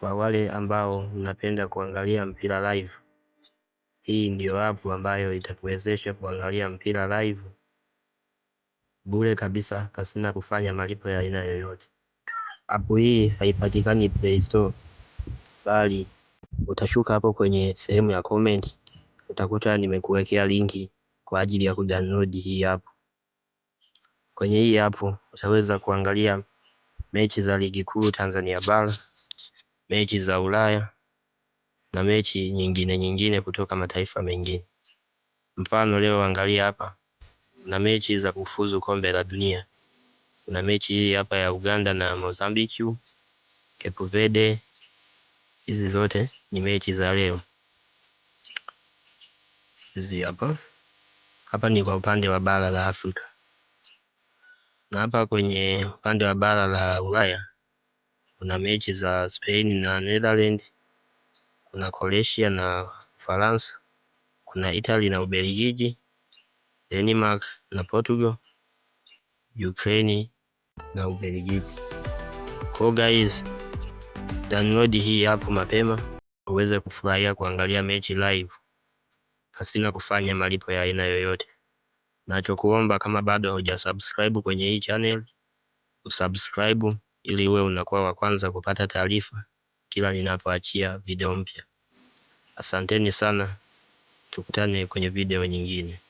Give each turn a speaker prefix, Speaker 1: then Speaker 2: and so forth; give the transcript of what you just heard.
Speaker 1: Kwa wale ambao mnapenda kuangalia mpira live, hii ndio app ambayo itakuwezesha kuangalia mpira live bure kabisa pasina kufanya malipo ya aina yoyote. App hii haipatikani Play Store, bali utashuka hapo kwenye sehemu ya comment utakuta nimekuwekea linki kwa ajili ya kudownload hii app. Kwenye hii app utaweza kuangalia mechi za Ligi Kuu Tanzania Bara mechi za Ulaya na mechi nyingine nyingine kutoka mataifa mengine. Mfano leo angalia hapa, kuna mechi za kufuzu kombe la dunia. Kuna mechi hii hapa ya Uganda na Mozambique, Cape Verde. Hizi zote ni mechi za leo. Hizi hapa hapa ni kwa upande wa bara la Afrika, na hapa kwenye upande wa bara la Ulaya kuna mechi za Spain na Netherland, kuna Croatia na Ufaransa, kuna Italy na Ubelgiji, Denmark na Portugal, Ukraine na Ubelgiji. Kwa guys, download hii hapo mapema uweze kufurahia kuangalia mechi live pasina kufanya malipo ya aina yoyote. Nachokuomba kama bado hujasubscribe kwenye hii channel, usubscribe ili uwe unakuwa wa kwanza kupata taarifa kila ninapoachia video mpya. Asanteni sana, tukutane kwenye video nyingine.